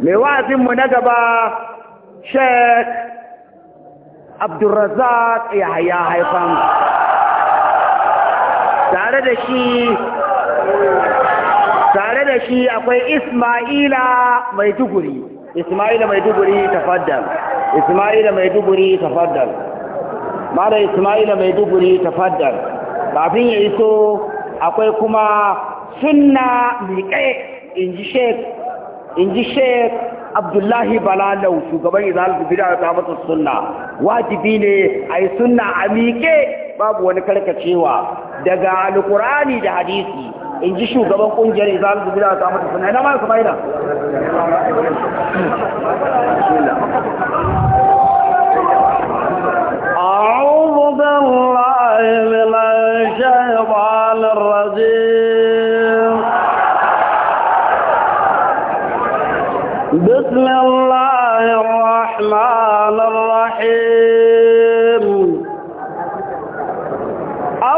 mai wa'azinmu na gaba sheikh abdulrazak yahaya haifan tare da shi tare da shi akwai ismaila mai duguri ismaila mai duguri tafaddal ismaila mai duguri tafaddal mara ismaila mai duguri tafaddal kafin ya iso akwai kuma sunna miƙe in ji sheikh in ji sheik abdullahi balalau shugaban izalin bida da mata sunna wajibi ne a yi sunna a miƙe babu wani karkacewa daga alkurani da hadisi in ji shugaban ƙungiyar izalin bida da mata sunna ina ma su maida أعوذ بالله من الشيطان الرجيم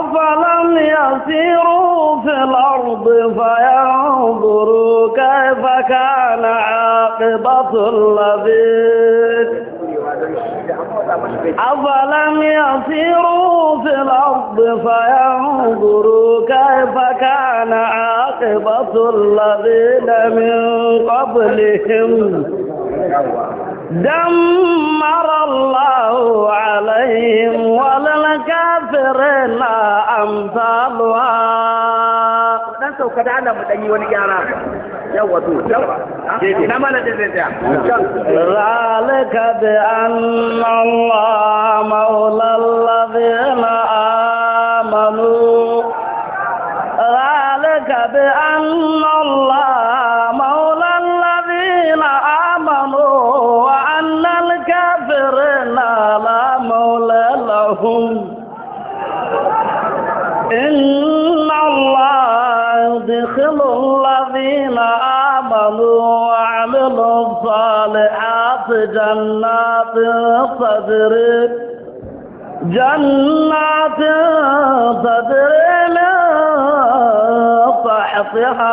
أفلم يسيروا في الأرض فينظروا كيف كان عاقبة الذين أفلم يسيروا في الأرض فينظروا كيف كان عاقبة الذين من قبلهم دمر الله عليهم وللكافرين أمثالها ذلك بأن الله مولى الذين آمنوا ذلك بأن الله وعملوا الصالحات جنات صدر جنات صدر من تحتها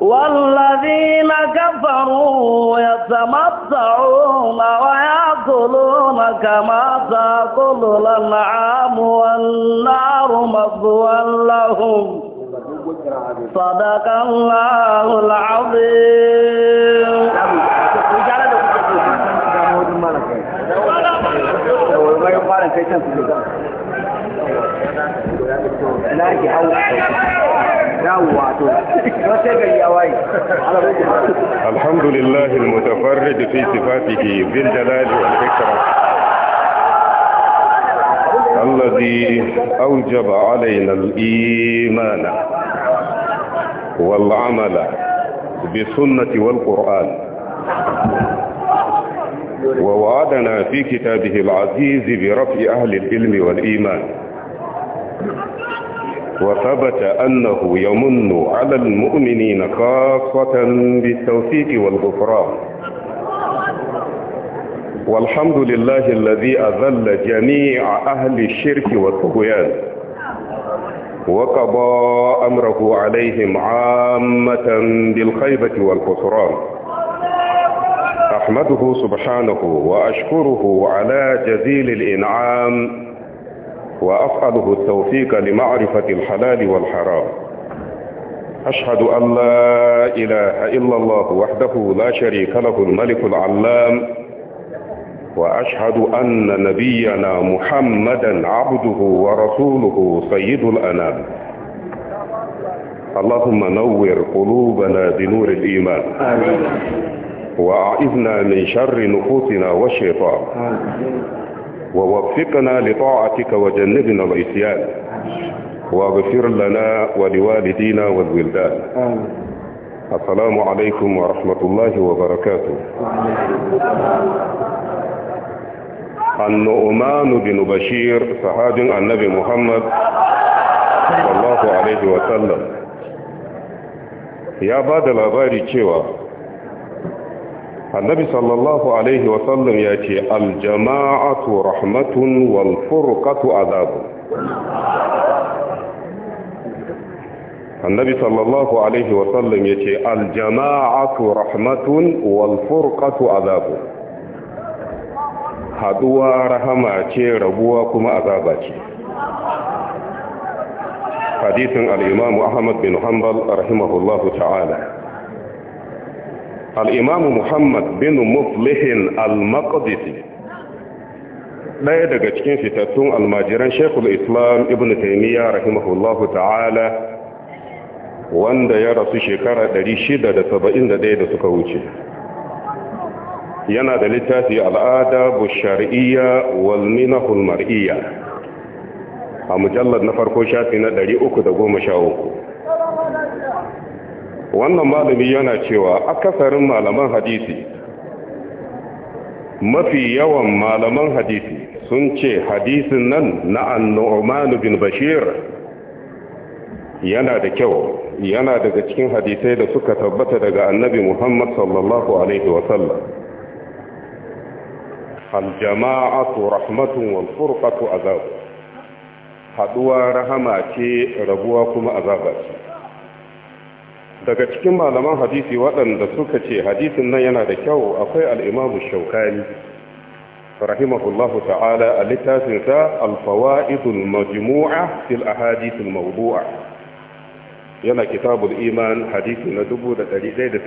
والذين كفروا يتمتعون ويأكلون كما تأكل الأنعام والنار مثوى لهم صدق الله العظيم نعم. الحمد لله المتفرد في صفاته بالجلال والإكرام الذي أوجب علينا الإيمان والعمل بالسنة والقرآن ووعدنا في كتابه العزيز برفع أهل العلم والإيمان وثبت أنه يمن على المؤمنين خاصة بالتوفيق والغفران والحمد لله الذي أذل جميع أهل الشرك والطغيان وقضى أمره عليهم عامة بالخيبة والخسران أحمده سبحانه وأشكره على جزيل الإنعام وأسأله التوفيق لمعرفة الحلال والحرام أشهد أن لا إله إلا الله وحده لا شريك له الملك العلام وأشهد أن نبينا محمدا عبده ورسوله سيد الأنام اللهم نور قلوبنا بنور الإيمان آمين. وأعذنا من شر نفوسنا والشيطان آمين. ووفقنا لطاعتك وجنبنا العصيان واغفر لنا ولوالدينا والولدان آمين. السلام عليكم ورحمة الله وبركاته annu'manu bin bashir sahabin annabi muhammad sallallahu alaihi wa sallam ya ba da labari cewa annabi sallallahu alaihi wa sallam ya ce aljama'atu rahmatun wal furqatu azabun rahmatun wal furqatu azabun haduwa rahama ce rabuwa kuma azaba ce hadisin al-imam Ahmad bin Hanbal rahimahullahu ta'ala Muhammad bin Muflih al-Maqdisi ɗaya daga cikin fitattun almajiran shekul islam ibn taimiyya rahimahullahu ta'ala wanda ya rasu shekara 671 da suka wuce yana da littafi al'ada bu shari'iyya wal minahul mar'iyya a mujallar na farko shafi na 313 wannan malami yana cewa akasarin malaman hadisi mafi yawan malaman hadisi sun ce hadisin nan na annu'manu bin bashir yana da kyau yana daga cikin hadisai da suka tabbata daga annabi muhammad sallallahu alaihi wasallam aljama'atu rahmatun wal furqatu azab haduwa rahama ce rabuwa kuma azaba ce daga cikin malaman hadisi waɗanda suka ce hadisin nan yana da kyau akwai al-imamu shaukani rahimahullahu ta'ala a littafinsa al-fawaidul majmu'a fil ahadithil mawdu'a yana kitabul iman hadisi na 1169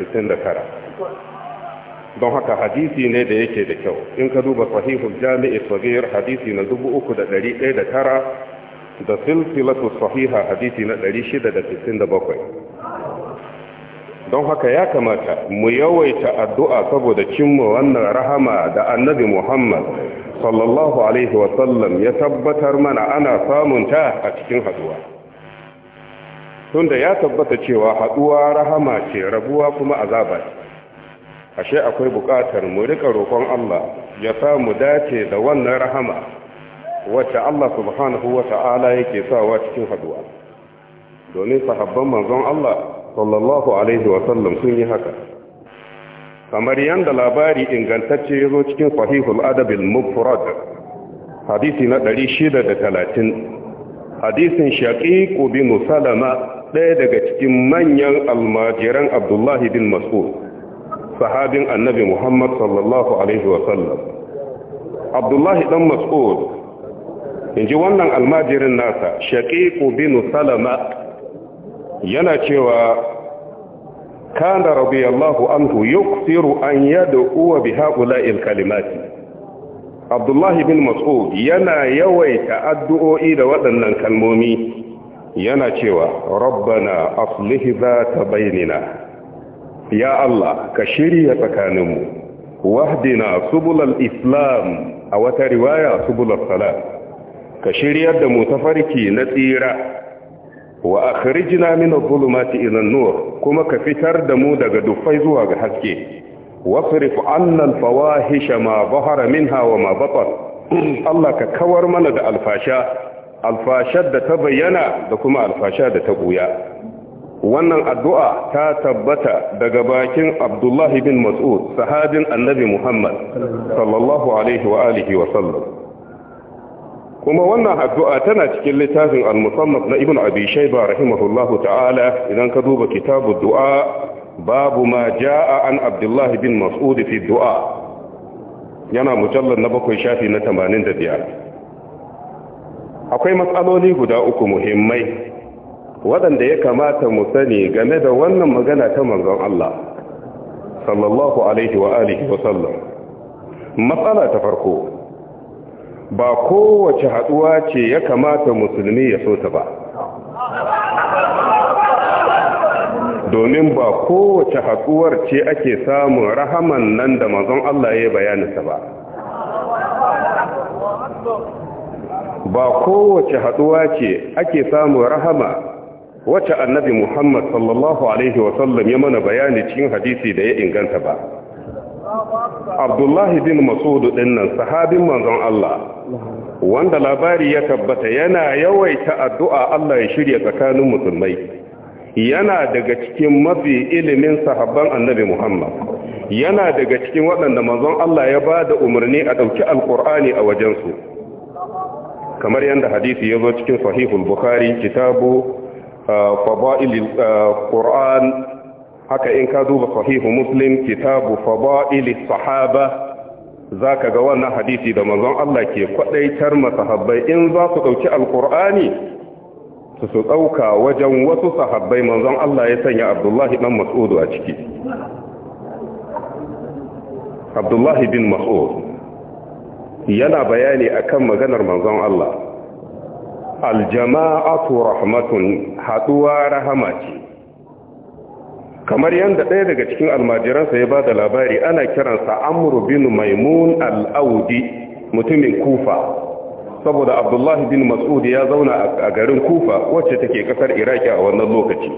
don haka hadisi ne da yake da kyau in ka duba sahihul jami'i sagir hadisi na 3109 da silsilatu sahiha hadisi na 667 don haka ya kamata mu yawaita addu'a saboda cimma wannan rahama da annabi Muhammad sallallahu alaihi wasallam ya tabbatar mana ana samunta a cikin haduwa tunda ya tabbata cewa haduwa rahama ce rabuwa kuma azaba ce ashe akwai buƙatar mu rika roƙon Allah ya sa mu dace da wannan rahama wacce Allah subhanahu wa ta'ala yake sawa cikin haduwa domin sahabban manzon Allah sallallahu alaihi wa sallam sun yi haka kamar yanda labari ingantacce ya zo cikin sahihul adabil mufrad hadisi na 630 hadisin shaqiq bin salama ɗaya daga cikin manyan almajiran abdullahi bin mas'ud sahabin annabi Muhammad sallallahu alaihi wasallam Abdullahi ɗan Mas'ud inji wannan almajirin nasa Shaqiq binu Salama yana cewa kana radiyallahu anhu yukthiru an yad'u bi ha'ula'il kalimati Abdullahi bin Mas'ud yana yawaita addu'o'i da waɗannan kalmomi yana cewa rabbana za ta bainina ya Allah ka shirya tsakaninmu wahdina subulal islam a wata riwaya subulal salat ka shiryar da mu tafarki na tsira wa akhrijna min adh-dhulumati ila an-nur kuma ka fitar da mu daga dufai zuwa ga haske wasrif 'anna al-fawahisha ma zahara minha wa ma batan Allah ka kawar mana da alfasha alfashar da ta bayyana da kuma alfasha da ta buya wannan addu'a ta tabbata daga bakin abdullahi bin mas'ud sahabin annabi muhammad sallallahu alaihi wa alihi wa sallam kuma wannan addu'a tana cikin littafin al-musamman na ibn abi shaiba rahimahullahu ta'ala idan ka duba kitabu du'a babu ma ja'a an abdullahi bin mas'ud fi du'a yana mujallar na bakwai shafi na 85 akwai matsaloli guda uku muhimmai waɗanda ya kamata mu sani game da wannan magana ta manzon Allah sallallahu alaihi wa alihi wa sallam matsala ta farko ba kowace haduwa ce ya kamata musulmi ya so ta ba domin ba kowace haduwar ce ake samun rahaman nan da manzon Allah ya ta ba ba kowace haduwa ce ake samun rahama wacce annabi Muhammad sallallahu alaihi wasallam ya mana bayani cikin hadisi da ya inganta ba Abdullahi bin Mas'ud nan sahabin manzon Allah wanda labari ya tabbata yana yawaita addu'a Allah ya shirya tsakanin musulmai yana daga cikin mafi ilimin sahabban annabi Muhammad yana daga cikin waɗanda manzon Allah ya ba da umarni a ɗauki alƙur'ani a wajensu kamar yadda hadisi ya zo cikin sahihul bukhari kitabu fada'ilil haka in ka duba sahihu muslim kitabu fada'ilis sahaba zaka ga wannan hadisi da manzon Allah ke kwaɗaitar masahabbai in za su ɗauki alqur'ani su su ɗauka wajen wasu sahabbai manzon Allah ya sanya Abdullahi ɗan Mas'ud a ciki Abdullahi bin Mas'ud yana bayani akan maganar manzon Allah aljama'atu rahmatun haduwa rahama ce kamar yadda ɗaya daga cikin almajiransa ya ba da labari ana kiransa amru bin maimun al'audi mutumin kufa saboda abdullahi bin mas'ud ya zauna a garin kufa wacce take kasar iraki a wannan lokaci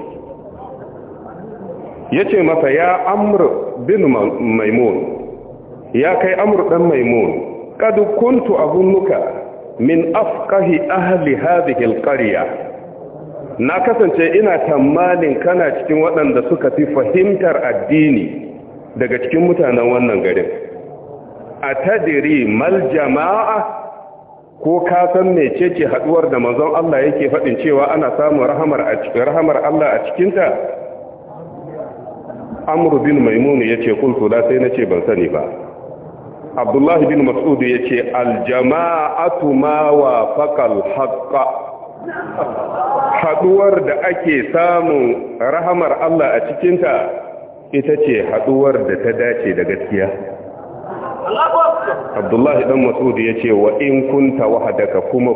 ya ce masa ya amru bin maimun ya kai amru ɗan maimun kadu kuntu abunnuka min afkahi ahli hadhihi alqarya na kasance ina tamanin kana cikin waɗanda suka fi fahimtar addini daga cikin mutanen wannan garin atadiri mal jama'a ko ka san mecece haduwar da manzon Allah yake faɗin cewa ana samun rahamar a cikin rahamar Allah a cikinta Amr bin Maimun yace kultu da sai nace ban sani ba abdullah bin mas'ud yace aljama'atu ma faƙal haqqa haɗuwar da ake samun rahamar Allah a cikinta ita ce haɗuwar da ta dace da gaskiya abdullahi dan mas'ud yace wa in kunta wahadaka kuma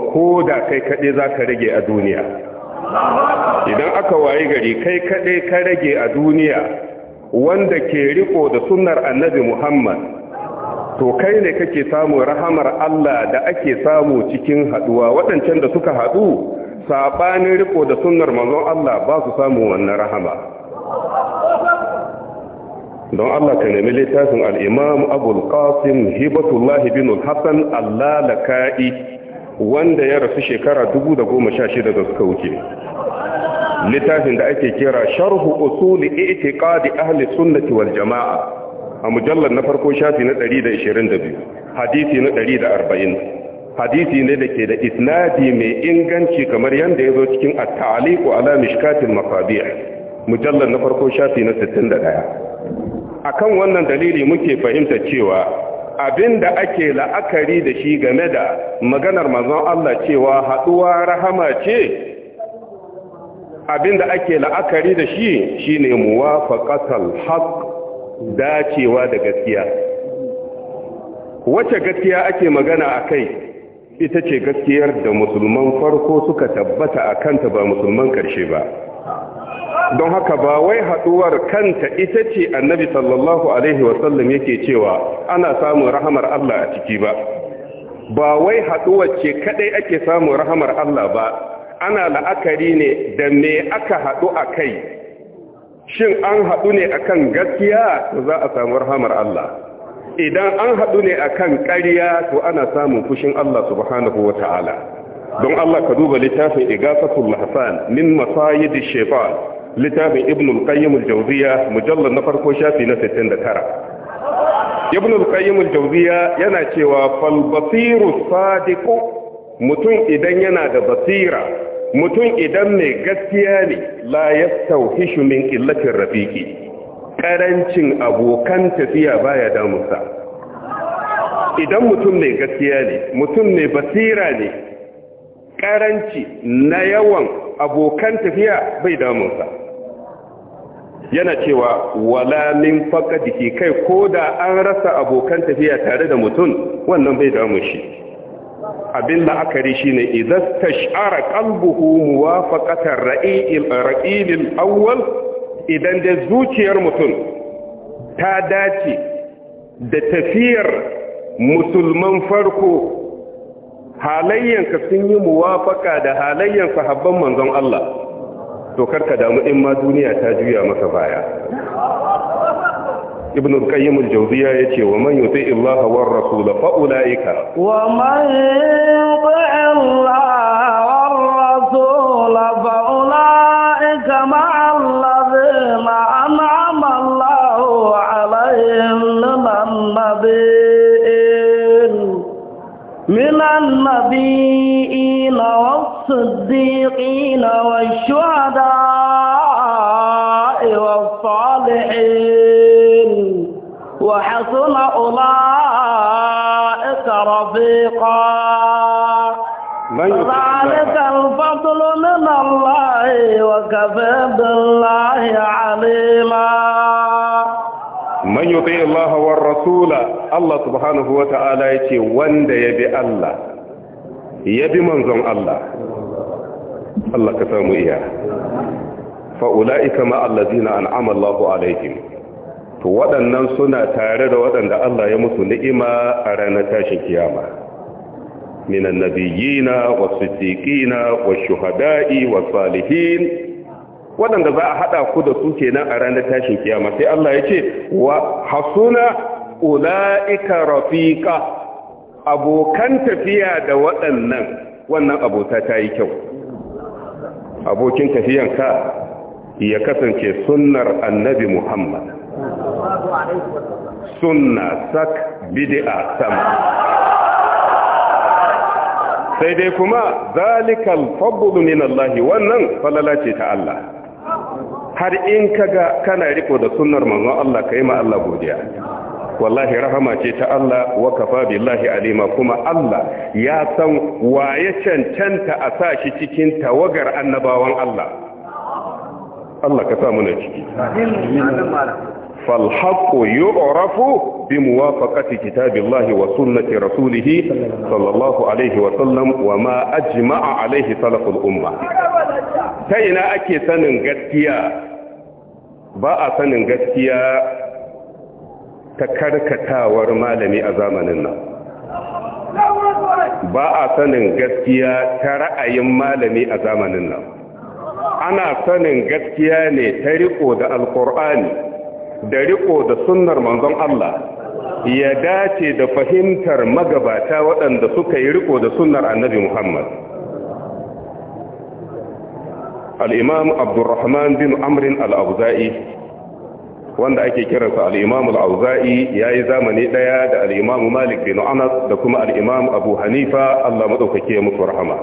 da kai za zaka rage a duniya idan aka waye gari kai kaɗai ka rage a duniya wanda ke riko da sunnar annabi Muhammad to kai ne kake samu rahamar Allah da ake samu cikin haduwa waɗancan da suka haɗu? saɓanin riko da sunnar manzon Allah ba su samu wannan rahama don Allah ka nemi littafin alimam Abul Abu al-Qasim Hibatullah bin Hassan al-Lalaka'i wanda ya rasu shekara 2016 da suka wuce littafin da ake kira sharhu usuli I'tiqad Ahli sunnati wal Jama'a a mujallar na farko shafi na 122 hadisi na 140 hadisi ne da ke da isnadi mai inganci kamar yadda ya zo cikin at-ta'liqu ala mishkatil mafabiya mujallar na farko shafi na 61 akan wannan dalili muke fahimta cewa abinda ake la'akari da shi game da maganar manzon Allah cewa haɗuwa rahama ce abin da ake la'akari da shi shine muwafaqatal haqq dacewa da gaskiya wacce gaskiya ake magana a kai ita ce gaskiyar da musulman farko suka tabbata a kanta ba musulman karshe ba don haka ba wai haɗuwar kanta ita ce annabi sallallahu alaihi wasallam yake cewa ana samun rahamar Allah a ciki ba ba wai haɗuwar ce kaɗai ake samun rahamar Allah ba ana la'akari ne da me aka haɗu a kai shin an haɗu ne akan gaskiya to za a samu rahamar Allah idan an haɗu ne akan ƙarya to ana samun fushin Allah subhanahu wata'ala don Allah ka duba littafin Igafatul Hasan min Masayid Shaytan littafin Ibn al-Qayyim al-Jawziyya mujallal na farko shafi na 69 Ibn al-Qayyim al-Jawziyya yana cewa fal basiru sadiqu mutum idan yana da basira mutum idan mai gaskiya ne la yastauhishu min illatin rafiki karancin abokan tafiya baya damunsa idan mutum mai gaskiya ne mutum mai basira ne karanci na yawan abokan tafiya bai damunsa yana cewa wala min jiki kai ko da an rasa abokan tafiya tare da mutum wannan bai damu shi abin la'akari shine idan tash'ara qalbuhu muwafaqatan ra'il ra'ilil awwal idan da zuciyar mutum ta dace da tafiyar musulman farko halayyanka sun yi muwafaka da halayyanka sahabban manzon Allah to karka damu in ma duniya ta juya masa baya ibn al-qayyim al-jawziya yace wa man yuti Allah wa ar-rasul fa ulaika wa man yuti Allah wa ar-rasul fa ulaika ma alladhina an'ama Allah alaihim minan nabiyyin minan nabiyyin was-siddiqin wash-shuhada والصالحين وحسن أولئك رفيقا ذلك الفضل من الله وكفى بالله عليما من يطيع الله والرسول الله سبحانه وتعالى يتي وند يبي الله يبي منظم الله الله كسامو إياه فأولئك مع الذين أنعم الله عليهم to waɗannan suna tare da waɗanda Allah ya mutu ni'ima a ranar tashin kiyama minan nabiyina wa siddiqina wa shuhada'i wa salihin waɗanda za a ku da su kenan a ranar tashin kiyama sai Allah ya ce wa hasuna ulaika rafiqa abokan tafiya da waɗannan wannan abota ta yi kyau abokin tafiyanka ya kasance sunnar annabi Muhammad sunna sak bid'a sama. sai dai kuma zalikal fadlu min wannan falala ce ta Allah har in kaga kana riko da sunnar manzon Allah kai ma Allah godiya wallahi rahama ce ta Allah wa kafa billahi alima kuma Allah ya san waye cancanta a sa shi cikin tawagar annabawan Allah Allah ka sa mu na ciki فالحق يعرف بموافقة كتاب الله وسنة رسوله صلى الله عليه وسلم وما أجمع عليه سلف الأمة تينا أكي سنن قتيا باء سنن قتيا تكركتا ورمالني أزامننا باء سنن قتيا ترأي مالني أزامننا ana sanin gaskiya ne ta riko da alkur'ani da riko da sunnar manzon Allah ya dace da fahimtar magabata waɗanda suka yi riko da sunnar annabi Muhammad Al'imam imam Abdurrahman bin Amr al wanda ake kiransa al-imam ya yi yayi zamani ɗaya da al Malik bin Anas da kuma al Abu Hanifa Allah maɗaukake ya musu rahama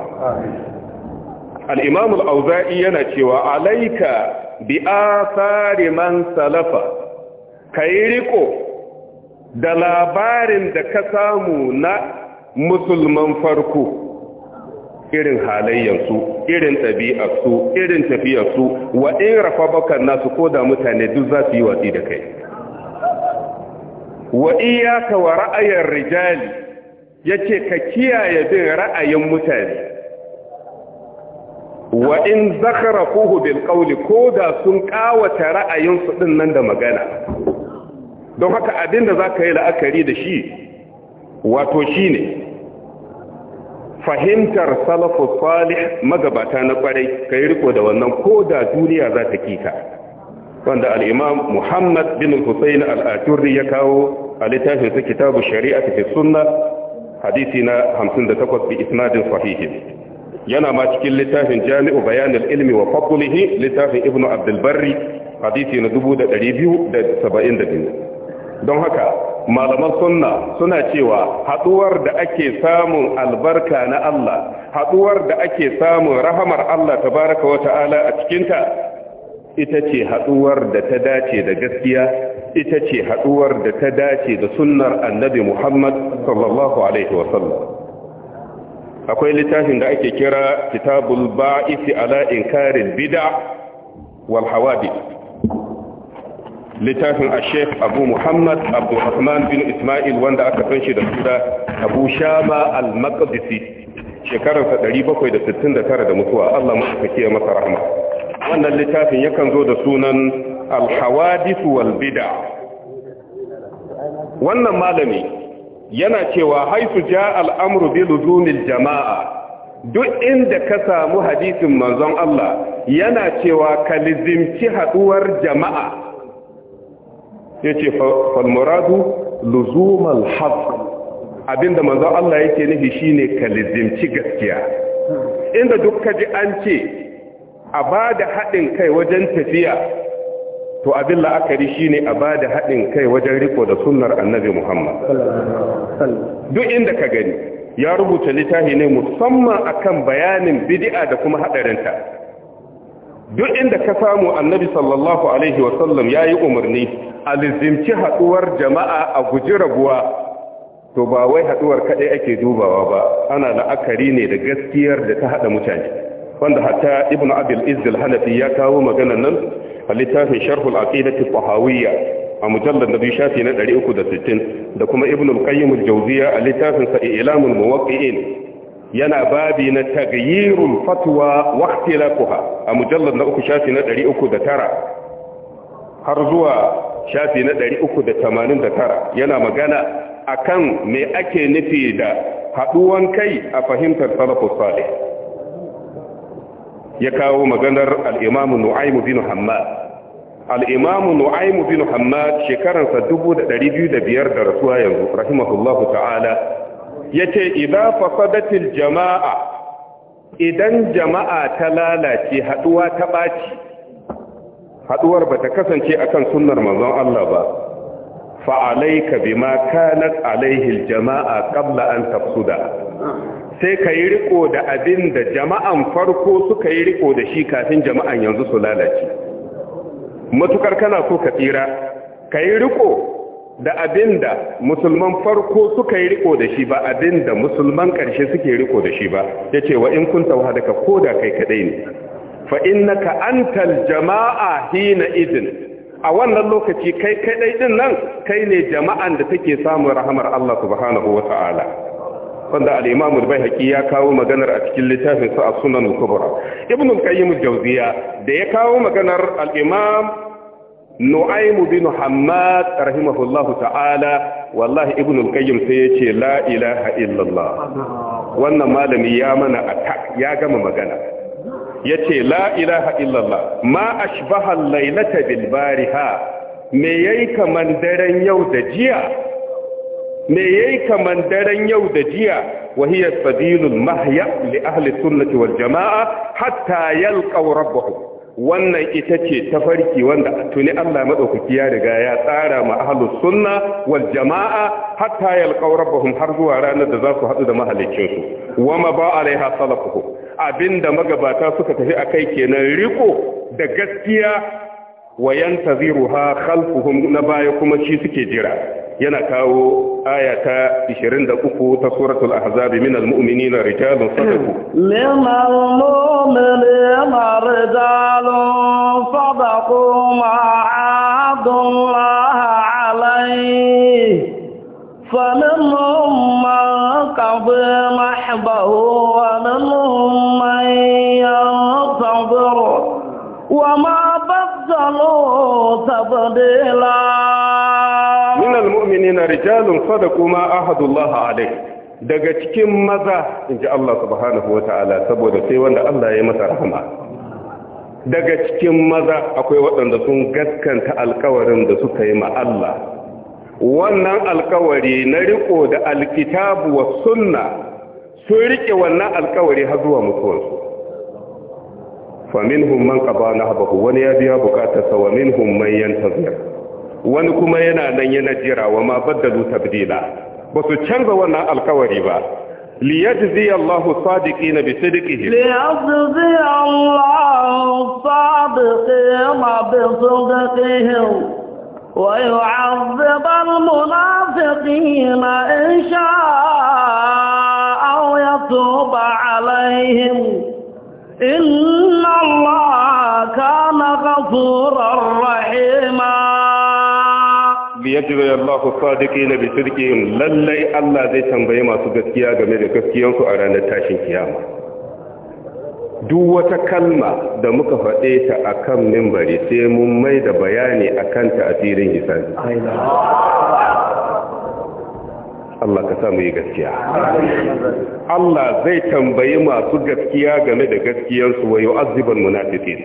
al-imam auzai yana cewa alaika bi athari man salafa ka yi riko da labarin da ka samu na musulman farko irin halayyansu irin ɗabi'arsu irin tafiyarsu wa in rafa bakan nasu ko da mutane duk za su yi watsi da kai wa iyaka wa ra'ayar rijali ya ce ka kiyaye bin ra'ayin mutane wa in zakharafuhu bil qawli ko da sun kawata ra'ayinsu din nan da magana don haka abin da za ka yi la'akari da shi wato shi ne fahimtar salafu salih magabata na kwarai ka yi riko da wannan ko da duniya za ta kika wanda al'imam muhammad bin hussein al'aturri ya kawo a littafinsa kitabu shari'a ta sunna hadisi na 58 bi isnadin sahihin yana ma cikin littafin jami'u bayanin ilmi wa fakulihi littafin ibnu abdulbarri hadisi na 272 don haka malaman sunna suna cewa haduwar da ake samun albarka na Allah haduwar da ake samun rahamar Allah tabaraka wa ta'ala a cikinta ita ce haduwar da ta dace da gaskiya ita ce haduwar da ta dace da sunnar annabi Muhammad sallallahu alaihi wa sallam akwai littafin da ake kira kitabul ba'isi ala inkarin bid'a wal hawadith littafin a sheik abu muhammad Abdulrahman bin ismail wanda aka san shi da suna abu Shaba al-maqdisi shekararsa 769 da mutuwa allah maɗaukaki ya masa rahama wannan littafin yakan zo da sunan al hawadisu wal bid'a wannan malami yana cewa haisu ja al'amru bi luzumil jama'a duk inda ka samu hadisin manzon Allah yana cewa ka lizimci haduwar jama'a ya ce falmuradu luzumal haf abinda manzo Allah yake nufi shine kalizimci gaskiya inda duk kaji an ce a bada haɗin kai wajen tafiya to abin la'akari shine a bada haɗin kai wajen riko da sunnar annabi Muhammad duk inda ka gani ya rubuta littafi ne musamman akan bayanin bid'a da kuma haɗarinta. duk inda ka samu annabi sallallahu alaihi wasallam ya yi umarni a lizimci haɗuwar jama'a a guji raguwa. to ba wai haɗuwar kaɗai ake dubawa ba ana la'akari ne da gaskiyar da ta haɗa mutane wanda hatta ibn abil izzil hanafi ya kawo magana nan a littafin sharhul aqidati tahawiyya a mujallar nabi shafi na 360 da kuma ibn al-qayyim al jawziya a littafin sa ilamul muwaqqi'in yana babi na tagayirun fatwa wakti lakuha a mujallar na uku shafi na 309 har zuwa shafi na 389 yana magana akan me ake nufi da haduwan kai a fahimtar salafus salih ya kawo maganar al'imamu nu'aimu bin hammad al'imamu nu'aimu bin hammad shekaransa 2,205 da rasuwa yanzu rahimahullahu ta'ala yace idza fasadatil jama'a idan jama'a ta lalace haduwa ta baci haduwar ta kasance akan sunnar manzon Allah ba fa alayka bima kanat alayhi jama'a qabla an tafsuda sai ka yi riko da abin da jama'an farko suka yi riko da shi kafin jama'an yanzu su lalace matukar kana so ka tsira ka yi riko da abin da musulman farko suka yi riko da shi ba abin da musulman ƙarshe suke riko da shi ba ya ce wa in kun tauhadaka ko da kai kadai ne fa innaka antal jama'a hina izin. a wannan lokaci kai kaɗai din nan kai ne jama'an da take samun rahamar Allah subhanahu wa ta'ala wanda al-Imam al ya kawo maganar a cikin littafin a sunan kubra Ibn al-Qayyim al-Jawziya da ya kawo maganar al-Imam nu'aimu bin hammad rahimahullahu ta'ala wallahi ibn al-qayyim sai yace la ilaha illallah wannan malami ya mana attack ya gama magana yace la ilaha illallah ma ashbaha al-lailata bil bariha me yayi kaman daren yau da jiya me yayi kaman daren yau da jiya wahiya sabilul mahya li ahli sunnati wal jamaa hatta yalqaw rabbahum wannan ita ce ta farki wanda tuni Allah madaukaki ya riga ya tsara ma ahlus sunna wal jamaa hatta yalqaw rabbahum har zuwa ranar da za su hadu da mahalicin su wama ba alaiha salafuhu abinda magabata suka tafi akai kenan riko da gaskiya wa ha khalfuhum na baya kuma shi suke jira yana kawo aya ta 23 ta suratul ahzab min almu'minina rijalun sadaqu liman mu'minina rijalun sadaqu ma adullah alayhi سبيلا من المؤمنين رجال صدقوا ما عهدوا الله عليه daga cikin maza in ji Allah subhanahu wa ta'ala saboda sai wanda Allah ya masa rahama daga cikin maza akwai waɗanda sun gaskanta alkawarin da suka yi ma Allah wannan alkawari na riko da alkitabu wa sunna sun riƙe wannan alkawari har zuwa mutuwarsu faminhum man qada nahbahu wani ya biya bukatarsa wa minhum man yantazir wani kuma yana nan yana jira wa ma baddalu tabdila ba su canza wannan alkawari ba liyajzi Allahu sadiqina bi sidqihim liyajzi Allahu sadiqina bi sidqihim ويعذب المنافقين إن شاء أو يتوب عليهم إن الله كان غفورا رحيما ليجزي الله na بصدقهم lallai Allah zai تنبيه masu gaskiya game da gaskiyansu a ranar tashin kiyama duk wata kalma da muka faɗe ta akan mimbari sai mun mai da bayani akan ta asirin hisabi Allah ka samu yi gaskiya Allah zai tambayi masu gaskiya game da gaskiyarsu wa yu'azziban munafiqin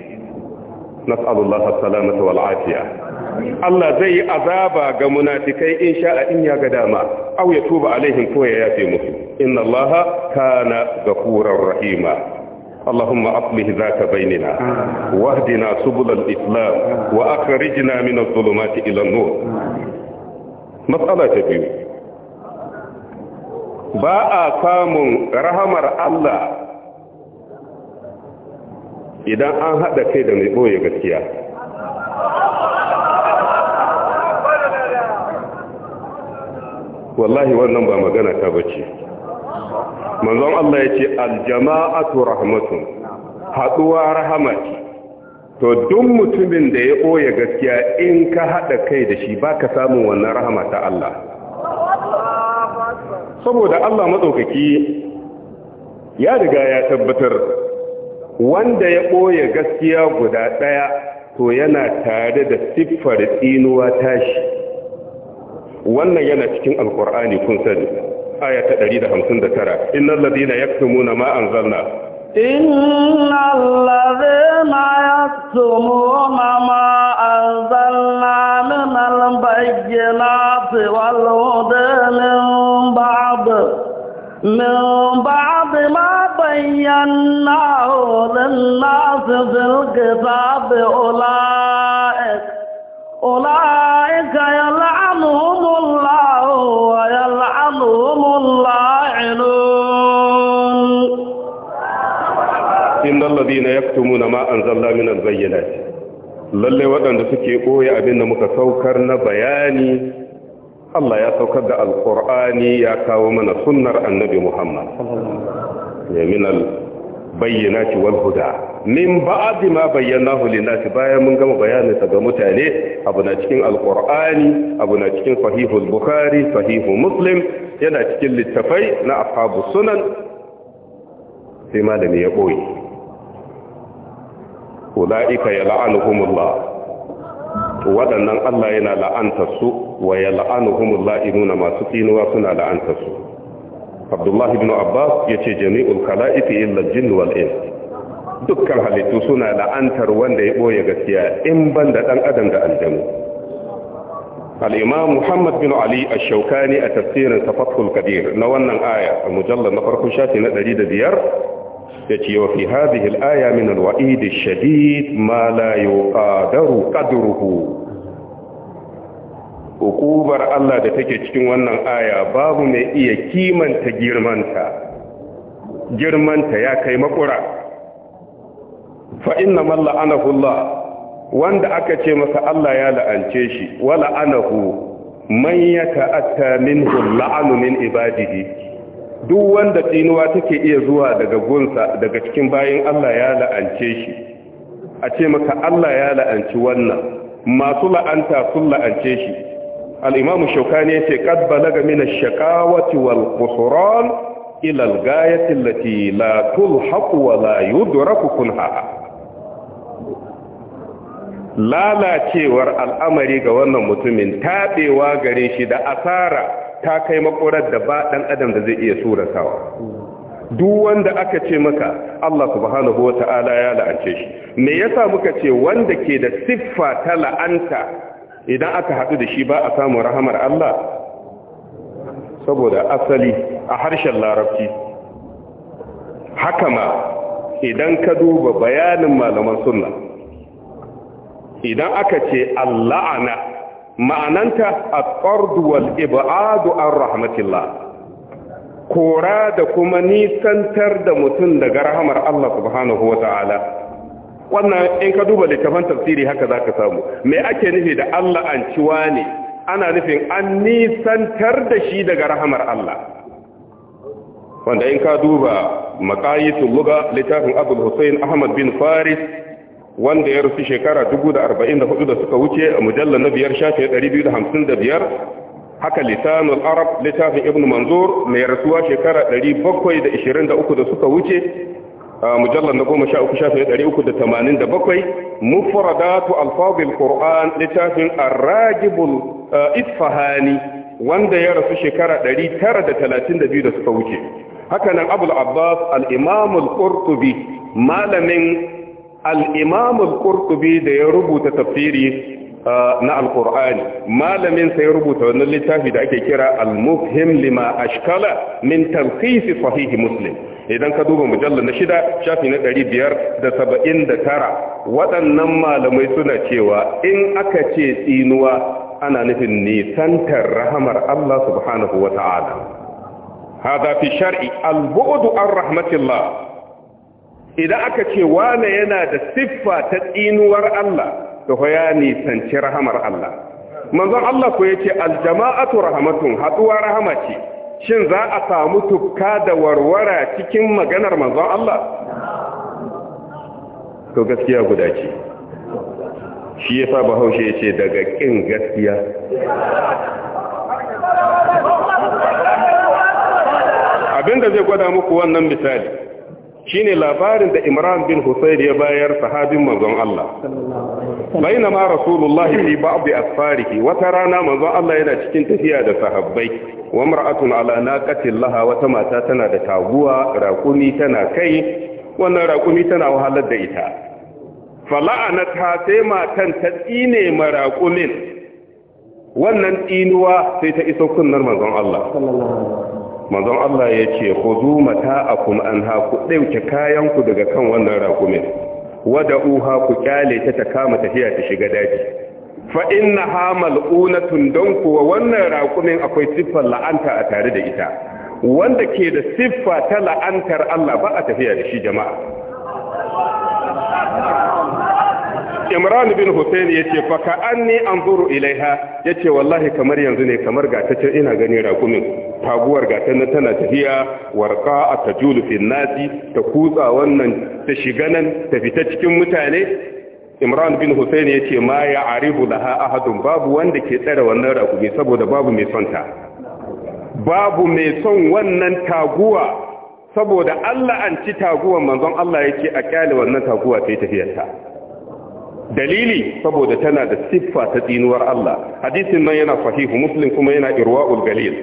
nas'alullah as-salamata wal afiya Allah zai yi azaba ga munafikai in sha'a in ya ga dama aw ya tuba alaihim ko ya yafe musu inna Allah kana ghafurar rahima اللهم أصلح ذاك بيننا واهدنا سبل الإسلام وأخرجنا من الظلمات إلى النور مسألة تبيو ba a samun rahamar Allah idan an haɗa kai da mai ɓoye gaskiya wallahi wannan ba magana ta bace manzon Allah ya ce aljama'atu rahmatun haɗuwa rahama to duk mutumin da ya ɓoye gaskiya in ka haɗa kai da shi ba ka samun wannan rahama ta Allah saboda Allah matsaukaki ya riga ya tabbatar wanda ya ɓoye gaskiya guda ɗaya to yana tare da siffar tsinuwa tashi wannan yana cikin alkur'ani kun sani aya ta 159 innal ladina yaktumuna ma anzalna innal ladina yaktumuna ma anzalna min al-bayyinati wal hudani من بعد ما بيناه للناس في الكتاب أولئك أولئك يلعنهم الله ويلعنهم اللاعنون إن الذين يكتمون ما أنزلنا من البينات للي waɗanda suke ɓoye abin da muka Allah ya saukar da alkur'ani ya kawo mana sunnar annabi Muhammad ya bayyana albayyinati wal huda min ba'd ma bayyanahu lin-nasi bayan mun gama bayanin sa ga mutane abu na cikin alkur'ani abu na cikin sahihul bukhari sahihu muslim yana cikin littafai na ashabu sunan sai malami ya boye ulaika yal'anuhumullah waɗannan Allah yana la'antarsu, su wa ya la'anuhumul la'inuna masu tsinuwa suna la'antarsu? su Abdullah ibn Abbas ce jami'ul khalaiqi illa al-jinn wal dukkan halittu suna la'antar wanda ya ɓoye gaskiya in ban da ɗan adam da aljanu al'imam muhammad bin ali a shaukani a tafsirin safatul kadir na wannan aya a mujallar na farko shafi na ɗari da biyar Da wa fi hadhihi al-aya min al shadid ma la yuqadaru qadruhu hukubar Allah da take cikin wannan aya babu mai iya kimanta girmanta girmanta ya kai makura fa inna man wanda aka ce masa Allah ya la'ance shi wa la'anahu man yata'atta min hula'anu min ibadihi duk wanda tsinuwa take iya zuwa daga gunsa daga cikin bayan Allah ya la'ance shi a ce maka Allah ya la'anci wannan masu la'anta sun la'ance shi al-imamu shaukani yace qad balaga min ash-shaqawati wal qusran ila al-ghayati allati la tulhaqu wa la yudraku kunha lalacewar al'amari ga wannan mutumin taɓewa gare shi da asara ta kai makorar da ba ɗan adam da zai iya suratawa duk wanda aka ce maka Allah subhanahu wata'ala ya la'ance shi me yasa muka ce wanda ke da siffa ta la'anta idan aka haɗu da shi ba a samu rahamar Allah saboda asali a harshen larabci haka ma idan ka duba bayanin malaman sunna idan aka ce alla'ana ma'ananta at-tard wal ib'ad an rahmatillah kora da kuma nisantar da mutum daga rahamar Allah subhanahu ta'ala. wannan in ka duba littafin tafsiri haka zaka samu me ake nufi da Allah an ciwa ne ana nufin an nisantar da shi daga rahamar Allah wanda in ka duba makayitul luga littafin abul hussein ahmad bin faris wanda ya rusu shekara 1044 da suka wuce a mujallar na biyar shafi 255 haka litanul arab littafin ibn manzur mai rasuwa shekara 723 da suka wuce a mujallar na goma sha uku shafi 387 mufradatu alfadil qur'an littafin arragibul eh, isfahani wanda ya rasu shekara 932 da suka wuce Hakanan nan abul abbas al-imam al-qurtubi malamin al-imam da ya rubuta tafsiri uh, na al-qur'ani ya rubuta wannan littafi da ake kira al-mufhim lima ashkala min talqis sahihi muslim idan ka duba mujallar na shida shafi na tara, waɗannan malamai suna cewa in aka ce tsinuwa ana nufin nisantar rahamar Allah subhanahu wa ta'ala hada fi shar'i al-bu'du an rahmatillah idan aka ce wane yana da siffa ta tsinuwar Allah da ya nisanci rahamar Allah manzon Allah ko yace aljama'atu rahmatun haduwa rahama ce shin za a samu tufka da warwara cikin maganar manzon Allah to gaskiya guda ce shi yasa bahaushe yace daga kin gaskiya abinda zai gwada muku wannan misali shine labarin da Imran bin Husayn ya bayar sahabin manzon Allah bainama rasulullahi fi ba'd asfarihi wata rana manzon Allah yana cikin tafiya da sahabbai wa mar'atun ala naqatin laha wata mata tana da taguwa raƙumi tana kai wannan raƙumi tana wahalar da ita fala'anata sai matan ta tsine ma raƙumin wannan tsinuwa sai ta iso kunnar manzon Allah manzon Allah ya ce mata a anha ku dauke kayan ku daga kan wannan rakumin wada uha ku kyale ta ta kama tafiya ta shiga daji fa inna ha mal'unatun don kuwa wannan raƙumin akwai siffar la'anta a tare da ita wanda ke da siffa ta la'antar Allah ba a tafiya da shi jama'a imran bin hussein ya ce fa ka an anzuru ilaiha ya ce wallahi kamar yanzu ne kamar gata ina gani rakumin taguwar gata na tana tafiya warka a ta julufin nazi ta kutsa wannan ta shiga nan ta fita cikin mutane imran bin hussein ya ce ma ya arihu laha ahadun babu wanda ke tsara wannan rakumi saboda babu mai son ta babu mai son wannan taguwa saboda Allah an ci taguwan manzon Allah yake a kyale wannan taguwa yi tafiyarta dalili saboda tana da siffa ta tsinuwar Allah hadisin nan yana sahihu muslim kuma yana irwaul galil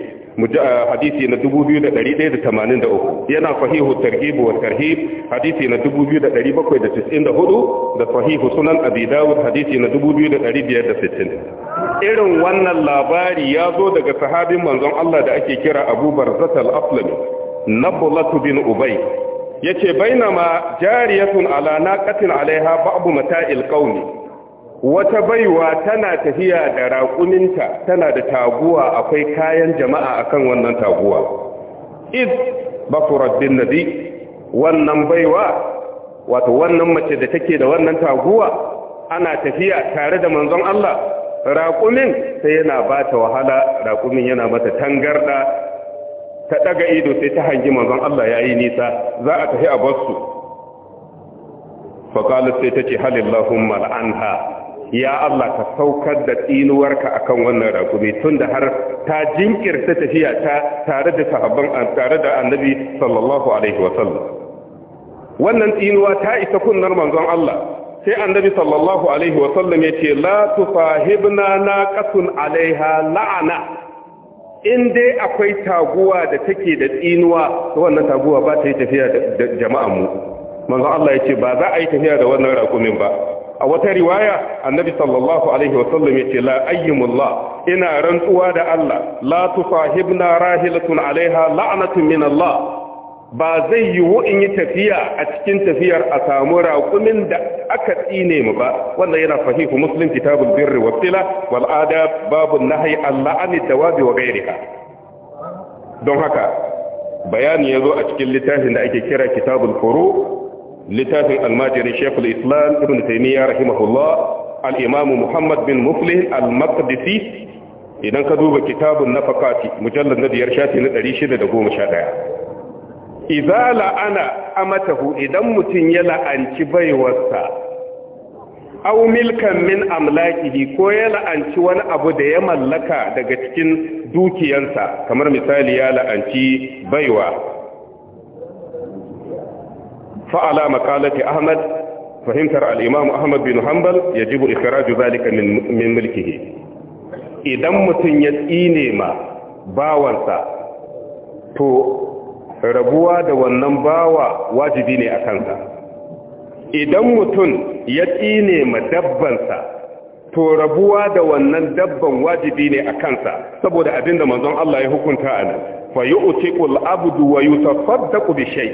ah, hadisi na 2183 yana sahihu targhib wa tarhib hadisi na 2794 da sahihu sunan abi dawud hadisi na 2560 irin wannan labari ya zo daga sahabin manzon Allah da ake kira Abu Barzatal Aslami Nabulatu bin Ubay yace bainama jariyatun ala naqatin alaiha ba'du mata'il qaumi wata baiwa tana tafiya da raƙuminta tana da taguwa akwai kayan jama'a akan wannan taguwa id basurat bin nabi wannan baiwa wato wannan mace da take da wannan taguwa ana tafiya tare da manzon Allah raƙumin sai yana bata wahala raƙumin yana mata tangarda ta daga ido sai ta hangi manzon Allah yayi nisa za a tafi a barsu fa sai sai tace halillahumma Mal'anha. ya Allah ka saukar da tsinuwarka akan wannan tun tunda har ta jinkirta tafiya ta tare da sahabban tare da annabi sallallahu alaihi Wasallam. wannan tsinuwa ta isa kunnar manzon Allah sai annabi sallallahu alaihi wa sallam yace la tufahibna naqatun alaiha la'ana in dai akwai taguwa da take da tsinuwa to wannan taguwa ba ta yi tafiya da jama'an mu manzo Allah ya ce ba za a yi tafiya da wannan rakumin ba a wata riwaya annabi sallallahu alaihi wasallam ya ce la ayyimullah ina rantsuwa da Allah la tusahibna rahilatun alaiha la'natun min Allah ba zai yiwu in yi tafiya a cikin tafiyar a samu raƙumin da aka tsine mu ba wanda yana fahimu musulun kitabun birri wa wal'ada babu na babu Allah al-la'ani dawabi wa ghayriha don haka bayani zo a cikin littafin da ake kira kitabul furu littafin almajirin shaykhul islam ibn taymiyyah rahimahullah al-imam muhammad bin muflih al-maqdisi idan ka duba kitabun nafaqati mujallar na biyar shafi na 611 idza la'ana amatahu idan mutum ya la'anci baiwarsa au milkan min amlakihi ko ya la'anci wani abu da ya mallaka daga cikin dukiyansa kamar misali ya la'anci baiwa fa ala ahmad fahimtar al-imam ahmad bin hanbal yajibu ikhraju zalika min min mulkihi idan mutum ya tsine ma bawansa to rabuwa da wannan bawa wajibi ne a kansa idan mutum ya tsine ma dabbansa to rabuwa da wannan dabban wajibi ne a kansa saboda abinda manzon Allah ya hukunta a nan fa yu'tiqul abudu wa yutafaddaqu bi shay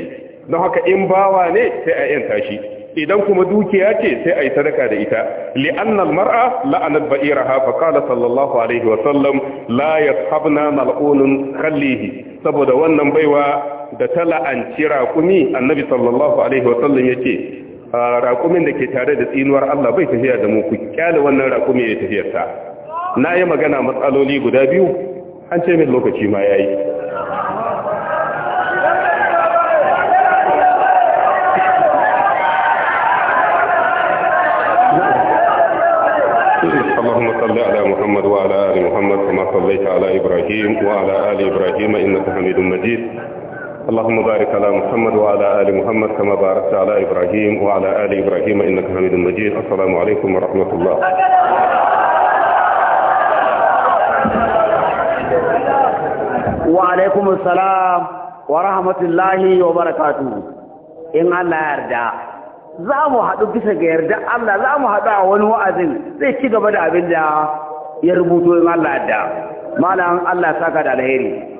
don haka in bawa ne sai a yanta shi idan kuma dukiya ce sai a yi sadaka da ita li'annal mar'a la'anat ba'iraha fa qala sallallahu alaihi wa sallam la yashabna mal'unun khallihi saboda wannan baiwa da tala an ci raƙumi annabi sallallahu alaihi wa sallam yace raƙumin da ke tare da tsinuwar Allah bai tafiya da mu ku kyale wannan raƙumi ya tafiya ta na yi magana matsaloli guda biyu an ce min lokaci ma yayi اللهم صل على محمد وعلى آل محمد كما صليت على إبراهيم وعلى آل إبراهيم إنك حميد مجيد اللهم بارك على محمد وعلى آل محمد كما باركت على إبراهيم وعلى آل إبراهيم إنك حميد مجيد السلام عليكم ورحمة الله وعليكم السلام ورحمة الله وبركاته إن الله يرجع za mu haɗu bisa ga yarda Allah za mu haɗu a wani wa'azin zai ci gaba da abin da ya rubuto in Allah da malam Allah saka da alheri